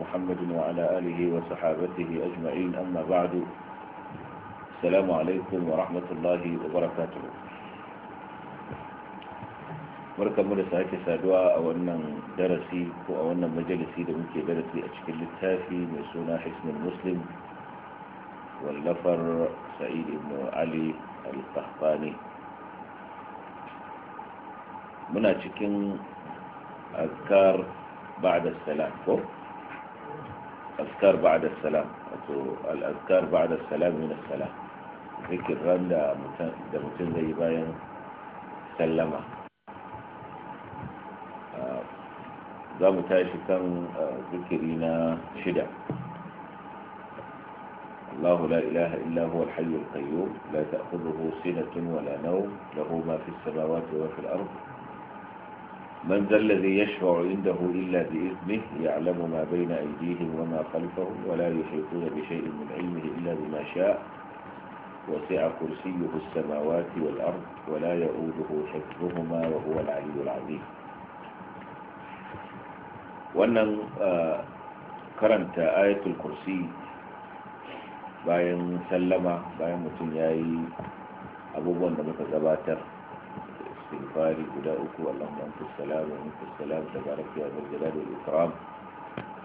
محمد وعلى آله وصحابته أجمعين أما بعد السلام عليكم ورحمة الله وبركاته مركب من ساعتي سادوا أو أن درسي أو أن مجلسي لم يكن درسي أشكل التافي من سنة حسن المسلم واللفر سعيد بن علي القحطاني من أشكل أذكار بعد السلام فوق أذكار بعد السلام الأذكار بعد السلام من السلام ذكر ran دا متن زي باين سلمة دا آه، متاشي كان tashi آه، kan الله لا إله إلا هو الحي القيوم لا تأخذه سنة ولا نوم له ما في السماوات وفي الأرض من ذا الذي يشفع عنده إلا بإذنه يعلم ما بين أيديهم وما خلفهم ولا يحيطون بشيء من علمه إلا بما شاء وسع كرسيه السماوات والأرض ولا يؤوده حفظهما وهو العلي العظيم وأن قرنت آه، آية الكرسي باين سلمة باين mutum أبو yi abubuwan استغفار دعاءك اللهم انت السلام وانت السلام تبارك يا ذا الجلال والاكرام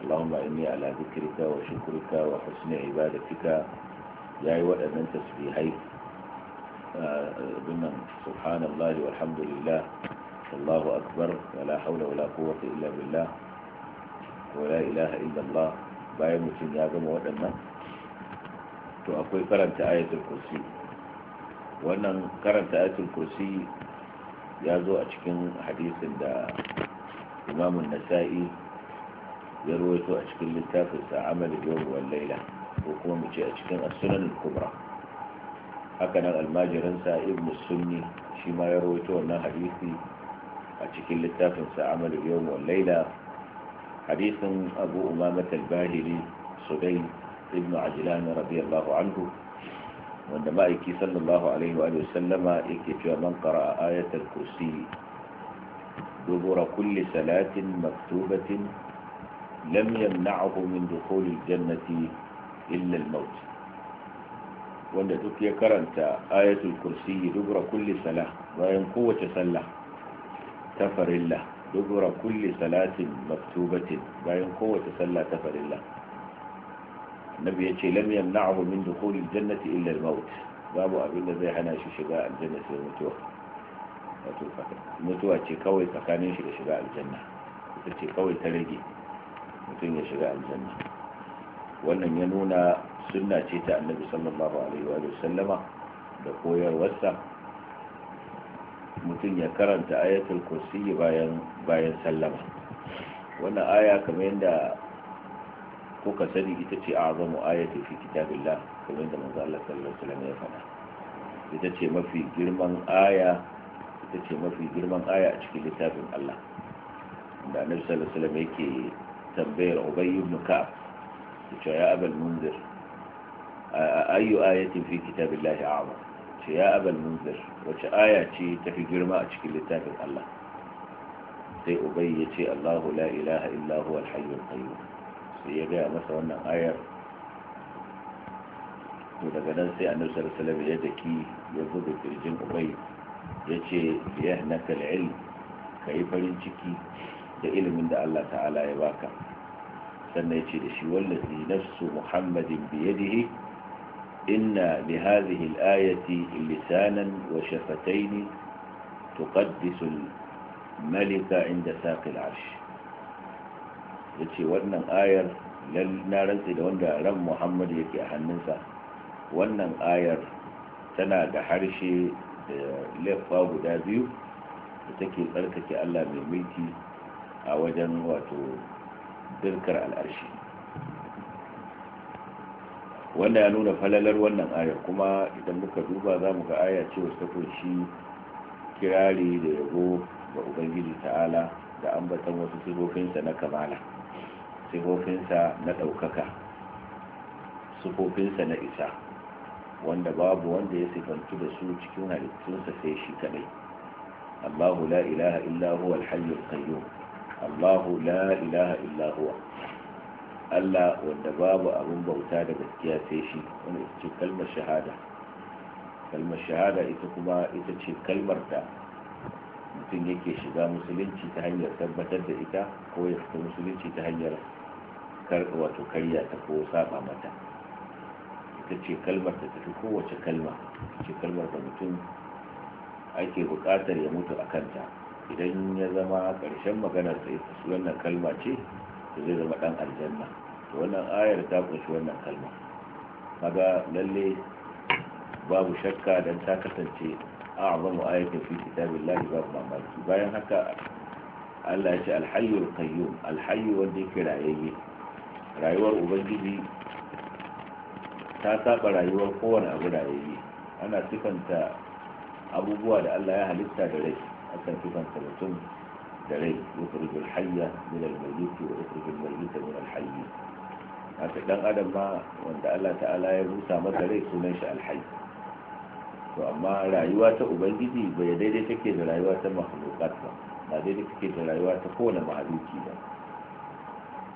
اللهم اني على ذكرك وشكرك وحسن عبادتك يا ايها من تسبيحي بمن آه، آه، سبحان الله والحمد لله الله اكبر ولا حول ولا قوه الا بالله ولا اله الا الله bayan mutum يا gama waɗannan to akwai karanta ayatul kursi wannan karanta ayatul kursi ya zo a cikin hadisin da imamun nasa'i ya rawaito a cikin littafinsa sa amal yawm laila ko kuma mu ce a cikin asunan kubra haka nan almajirin sa ibnu sunni shi ma ya rawaito wannan hadisi a cikin littafinsa sa amal yawm laila hadisin abu umama al-bahili sudayn ibnu ajlan radiyallahu anhu wanda ma'aiki sallallahu alaihi wa sallama yake cewa man qara'a ayatul kursi dubura kulli salatin maktubatin lam yamna'hu min dukhuli jannati illa al-maut wanda duk ya karanta ayatul kursi dubura kulli salah bayan kowace sallah ta farilla dubura kulli salatin maktubatin bayan kowace sallah ta farilla Nabi ya ce lam yamna'ahu min dukhuli aljannati illa almaut babu abin zai hana shi shiga aljanna sai mutuwa mutuwa ce kawai tsakanin shi shiga aljanna ita ce kawai ta rage mutum ya shiga aljanna wannan ya nuna sunna ce ta annabi sallallahu alaihi wa sallama da koyarwarsa mutum ya karanta ayatul kursi bayan bayan sallama wannan aya kamar yadda kuka sani ita ce azamu ayatin fi kitabillah kamar yadda manzo Allah sallallahu alaihi wasallam ya faɗa ita ce mafi girman aya ita ce mafi girman aya a cikin littafin Allah da annabi sallallahu alaihi wasallam yake tambayar Ubay ibn Ka'ab ce ya abal munzir ayu ayatin fi kitabillah a'zam ce ya abal munzir wace aya ce ta fi girma a cikin littafin Allah sai ubay ya ce Allahu la ilaha illa huwa al-hayyul qayyum sai ya gaya masa wannan ayar to daga nan sai annabi sallallahu alaihi wasallam ya daki ya gudu kirjin ubay ya ce ya naka ilm kai farin ciki da ilimin da Allah ta'ala ya baka sannan ya ce da shi wallahi nafsu muhammadin bi yadihi inna bi hadhihi al-ayati lisanan wa shafatayn tuqaddisu al-malika inda saqi al ya ce wannan ayar na rantse da wanda ran muhammad yake a hannunsa wannan ayar tana da harshe da laifa guda biyu da take tsarkake allah mai mulki a wajen wato dirkar al'arshi wanda ya nuna falalar wannan ayar kuma idan muka duba za mu ga aya ce wasu ta kunshi kirari da yabo ga ubangiji ta'ala da ambatan wasu sifofinsa na kamala sifofinsa na ɗaukaka sifofinsa na isa wanda babu wanda ya sifantu da su cikin halittunsa sai shi kadai Allahu la ilaha illa huwa al-hayyul qayyum Allahu la ilaha illa Allah wanda babu abin bauta da gaskiya sai shi wanda ita ce kalmar shahada kalmar shahada ita kuma ita ce kalmar da mutum yake shiga musulunci ta hanyar tabbatar da ita ko ya fita musulunci ta hanyar wato karya ta ko saba mata ita ce kalmar ta tafi kowace kalma ita ce kalmar da mutum ake buƙatar ya mutu a kanta idan ya zama ƙarshen maganar sai su wannan kalma ce da zai zama ɗan aljanna to wannan ayar ta kunshi wannan kalma kaga lalle babu shakka dan ta kasance a'zamu ayatin fi kitabillahi babu mamaki bayan haka Allah ya ce alhayyul qayyum alhayyu wanda yake rayayye rayuwar ubangiji ta saba rayuwar kowane abu da rayuwa ana sifanta abubuwa da Allah ya halitta da rai akan sifanta mutum da rai yukhrijul hayya min al-mayyit wa yukhrijul mayyita min al-hayy haka dan adam ma wanda Allah ta'ala ya rusa masa rai sunan shi al-hayy to amma rayuwa ta ubangiji bai daidai take da rayuwa ta makhluqat ba ba daidai take da rayuwa ta kowane mahaluki ba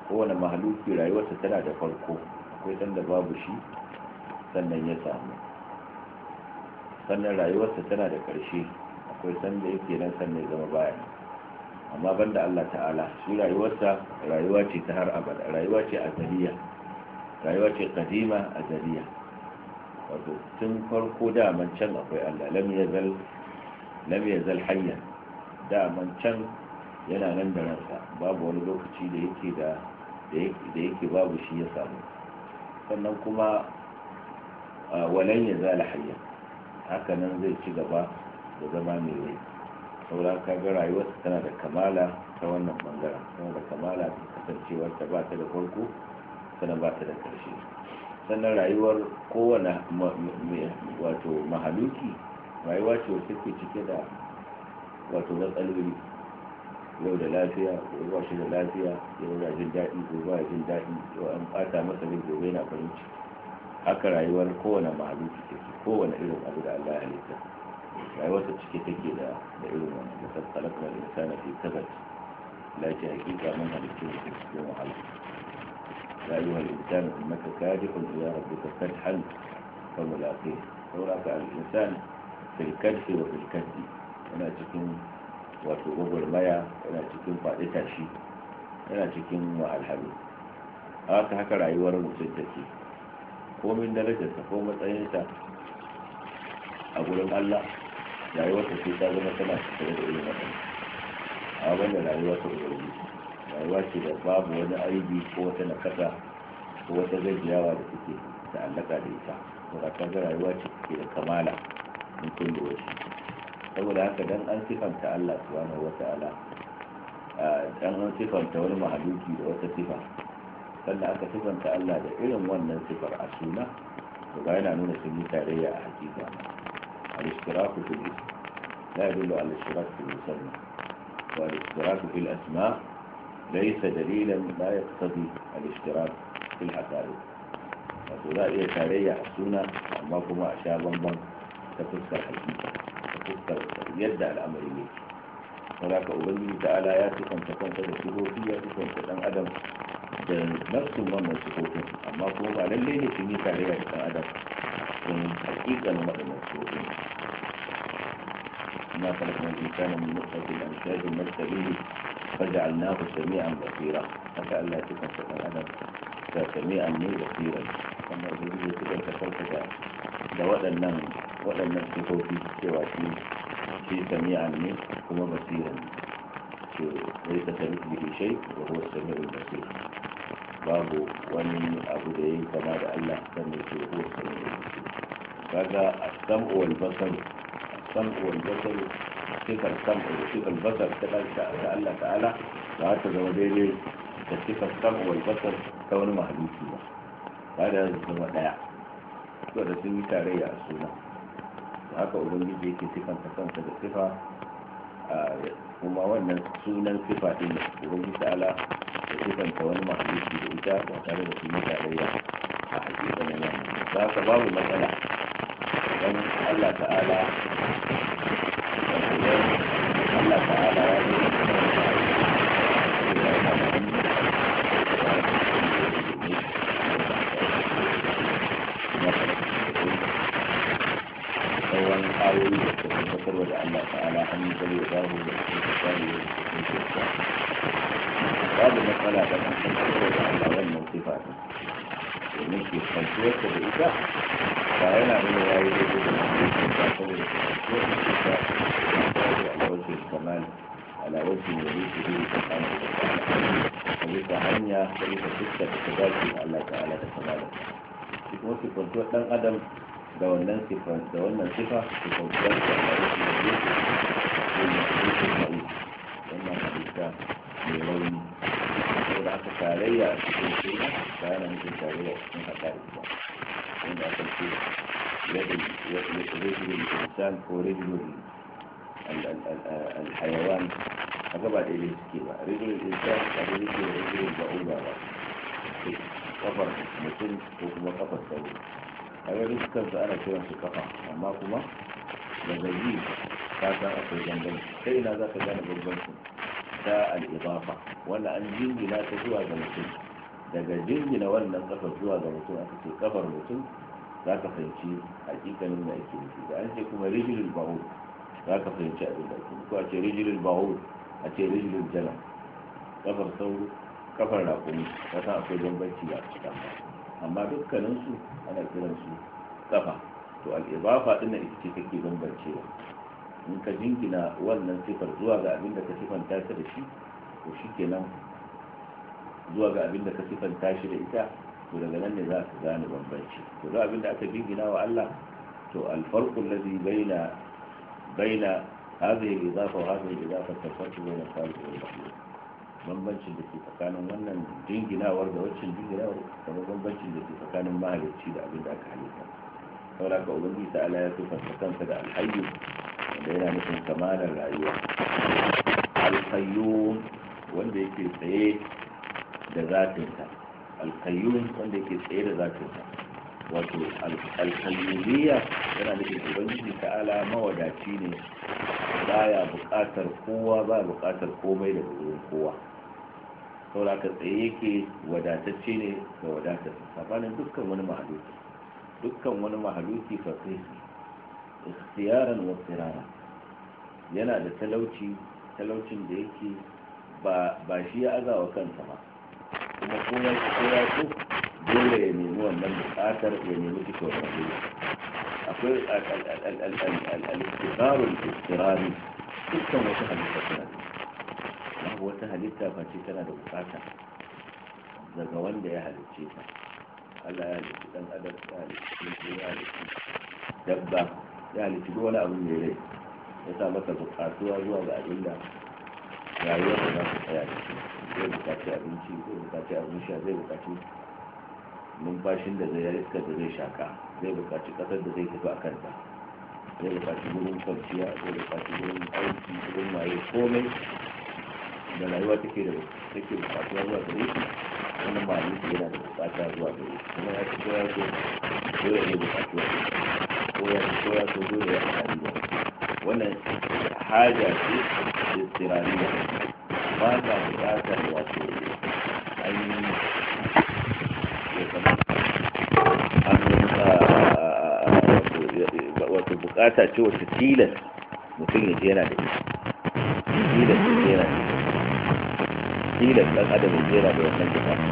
kowane mahaluki rayuwarsa tana da farko akwai sanda babu shi sannan ya samu sannan rayuwarsa tana da ƙarshe akwai sanda yake nan sannan ya zama baya amma banda Allah ta'ala shi rayuwarsa rayuwa ce ta har abada rayuwa ce azaliya rayuwa ce kadima azaliya wato tun farko da man can akwai Allah lam yazal lam yazal hayyan da man can yana nan da ransa babu wani lokaci da yake da da yake babu shi ya samu sannan kuma walan ya zala hayya haka nan zai ci gaba da zama mai rai saura ka ga rayuwarsa tana da kamala ta wannan bangaren tana da kamala ta kasancewar ta ba ta da farko sannan ba ta da ƙarshe sannan rayuwar kowane wato mahaluki rayuwa ce wacce ke cike da wato matsaloli yau da lafiya ko ba shi da lafiya yau na jin daɗi ko ba jin daɗi yau an ɓata masa ne gobe yana farin ciki haka rayuwar kowane mahaluki take kowane irin abu da Allah ya halitta rayuwarsa cike take da da irin wannan kasar kalakar insana fi kabat lati hakika mun halittu da cikin wahala ya yi wa insana innaka kadihun ila rabbika kadhan fa mulaqih saboda ka al-insan fil kadhi wa fil kadhi yana cikin wato maya yana cikin faɗi tashi yana cikin wahalhalu haka haka rayuwar mutum take komin darajarsa ko matsayinsa a gurin allah ta ce ta zama tana tattare da irin wannan a wannan rayuwa ta ubangiji rayuwa ce da babu wani aibi ko wata nakasa ko wata gajiyawa da take ta'allaka da ita to rayuwa ce ke da kamala mutum da wasu. saboda haka dan an sifanta Allah subhanahu wata'ala dan an sifanta wani mahaluki da wata sifa sannan aka sifanta Allah da irin wannan sifar a suna to ga yana nuna sun yi tarayya a hakika al-ishtiraku fil ism la yadullu ala al-ishtirak fil musamma wa al-ishtiraku fil asma laysa dalilan la yaqtadi al-ishtirak fil haqa'iq wato za a iya tarayya a suna amma kuma a sha bamban ta fuskar hakika fuskar yadda al'amari ne don haka ubangiji ta'ala ya tukanta kansa da sigofi ya tukanta dan adam da nafsin wannan sigofin amma kuma ba lallai ne su yi tarayya da dan adam sun hakikalin waɗannan sigofin ما خلقنا الإنسان من نطفة الأمشاج نبتليه فجعلناه سميعا بصيرا حتى ألا تكن سميعا بصيرا كما أقول لك تكن da waɗannan waɗannan sifofi cewa shi shi sami'an ne kuma basiran ce wai ta sami bihi shai wa huwa sami'ul basir babu wani abu da ya yi kama da Allah sanne ce huwa sami'ul basir kaga as-sam'u wal basar as-sam'u wal basar sifar sam'u da sifar basar ta da Allah ta'ala ba ta zama daidai da sifar sam'u wal basar ta wani mahaluki ba ba da zama ɗaya. saboda sun yi tarayya a suna da haka ubangiji yake sifanta kansa da sifa a kuma wannan sunan sifa din da ubangiji ta'ala ya sifanta wani mahalicci da ita ba tare da sun yi tarayya a na nan ta haka babu matsala don Allah ala Allah ta'ala ya hannu bal ya dawo da cikin tsari da cikin kyauta babu matsala da kan kankantar da Allah wannan sifa domin ke kwanciyar ta da ita ba yana nuna ya yi daidai da mutum ba saboda kwanciyar da ita da alawajin kamal alawajin da ya ke yi tsakanin da ta bisa hanya ta bisa fuska da ta dace da Allah da kamala shi kuma sifantuwar adam da wannan sifa da wannan sifa da Allah ke wannan hadisa mai rauni ko da aka tarayya a cikin shirya ta yana nufin tarayya a cikin haɗari ba wanda aka ce rajin insan ko rajin alhayawan a gaba ɗaya suke ba rajin insan a da yake da rajin ba'uba ba kafar mutum ko kuma kafar sauro a yau dukkan su ana kiran su kafa amma kuma da gaji ka san akwai gandun sai ina za ka gane su ta al'ibafa wanda an jingina ta zuwa ga mutum daga jingina wannan kafa zuwa ga mutum aka ce kafar mutum za ka fahimci hakikalin da ake nufi da an ce kuma rijilin bahu za ka fahimci abin da ake nufi a ce rijilin bahu a ce rijilin jana kafar sauro kafar rakumi ka san akwai bambanci a cikin amma dukkaninsu ana kiransu kafa to al'ibafa ɗin da ita ce kake bambancewa in ka jingina wannan sifar zuwa ga abin da ka sifanta ta da shi ko shi kenan zuwa ga abin da ka sifanta shi da ita to daga nan ne za ka gane bambanci to da abin da aka jingina wa Allah to alfarqu allazi baina baina hadhihi al-idafa wa hadhihi al-idafa tafarqu baina al-khaliq wal makhluq bambancin da ke tsakanin wannan jinginawar da waccan jinginawar kamar bambancin da ke tsakanin mahalicci da abin da aka halitta saboda ka ubangiji ta Allah ya sifanta kansa da alhayyu da yana nufin kamalar rayuwa alkayyum wanda yake tsaye da zatinsa alkayyum wanda yake tsaye da zatinsa wato alkayyuriya yana nufin ubangiji ta'ala mawadaci ne baya buƙatar kowa ba buƙatar komai daga wurin kowa saboda ka tsaye yake wadatacce ne ga wadatar safanin dukkan wani mahaluki dukkan wani mahaluki fasai ikhtiyaran wa yana da talauci talaucin da yake ba shi ya azawa kansa ba kuma ko ya ko ya so dole ya nemi wannan bukatar ya nemi shi kawai akwai al-ikhtiyaran al-istirari dukkan wata halitta tana babu wata halitta face tana da bukata daga wanda ya halicce ta Allah ya halicci dan adam ya halicci dabba ya halitta duk wani abu mai rai ya sa masa bukatuwa zuwa ga abin da rayuwar da za su tsaya da shi zai bukaci abinci zai bukaci abin sha zai bukaci numfashin da zai riska da zai shaka zai bukaci kasar da zai tafi a kanta zai bukaci wurin kwanciya zai bukaci wurin aiki wurin maye komai da rayuwa take da take bukatuwa zuwa gare shi wannan ba yana da bukatuwa zuwa gare shi kuma ya ci ya ce dole ne bukatuwa ko ya ko ya so dole ya haɗa ruwa wannan haja ce istirariya ba ta buƙatar wato ainihin ya zama wato bukata ce wacce tilas mutum ya jera da ita tilas ya jera da ita tilas ɗan adam ya jera da wannan bukata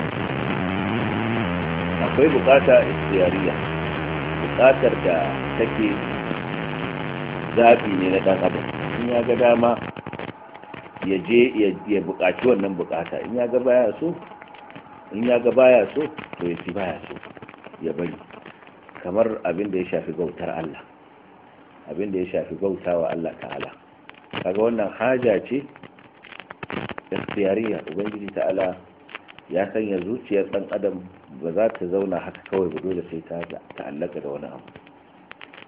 akwai bukata istiyariya Bukatar da take zafi ne na ɗan adam in ya ga dama ya je ya buƙaci wannan buƙata in ya ga baya so in ya ga baya so to ya ci baya so ya bari kamar abin da ya shafi bautar Allah abin da ya shafi bautawa Allah ta'ala kaga wannan haja ce ikhtiyariya ubangiji ta'ala ya sanya zuciyar dan adam ba za ta zauna haka kawai ba dole sai ta ta'allaka da wani abu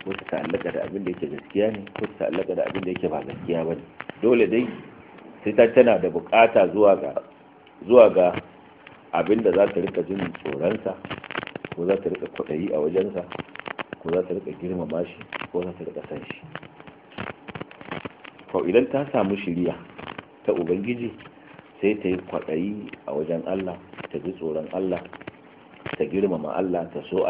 ko ta ta'allaka da abin da yake gaskiya ne ko ta ta'allaka da abin da yake ba gaskiya ba ne dole dai sai ta tana da bukata zuwa ga zuwa ga abin da za ta rika jin tsoronsa ko za ta rika kwaɗayi a wajensa ko za ta rika girmama shi ko za ta rika san shi ko idan ta samu shiriya ta ubangiji sai ta yi kwaɗayi a wajen allah ta ji tsoron allah ta girmama Allah ta so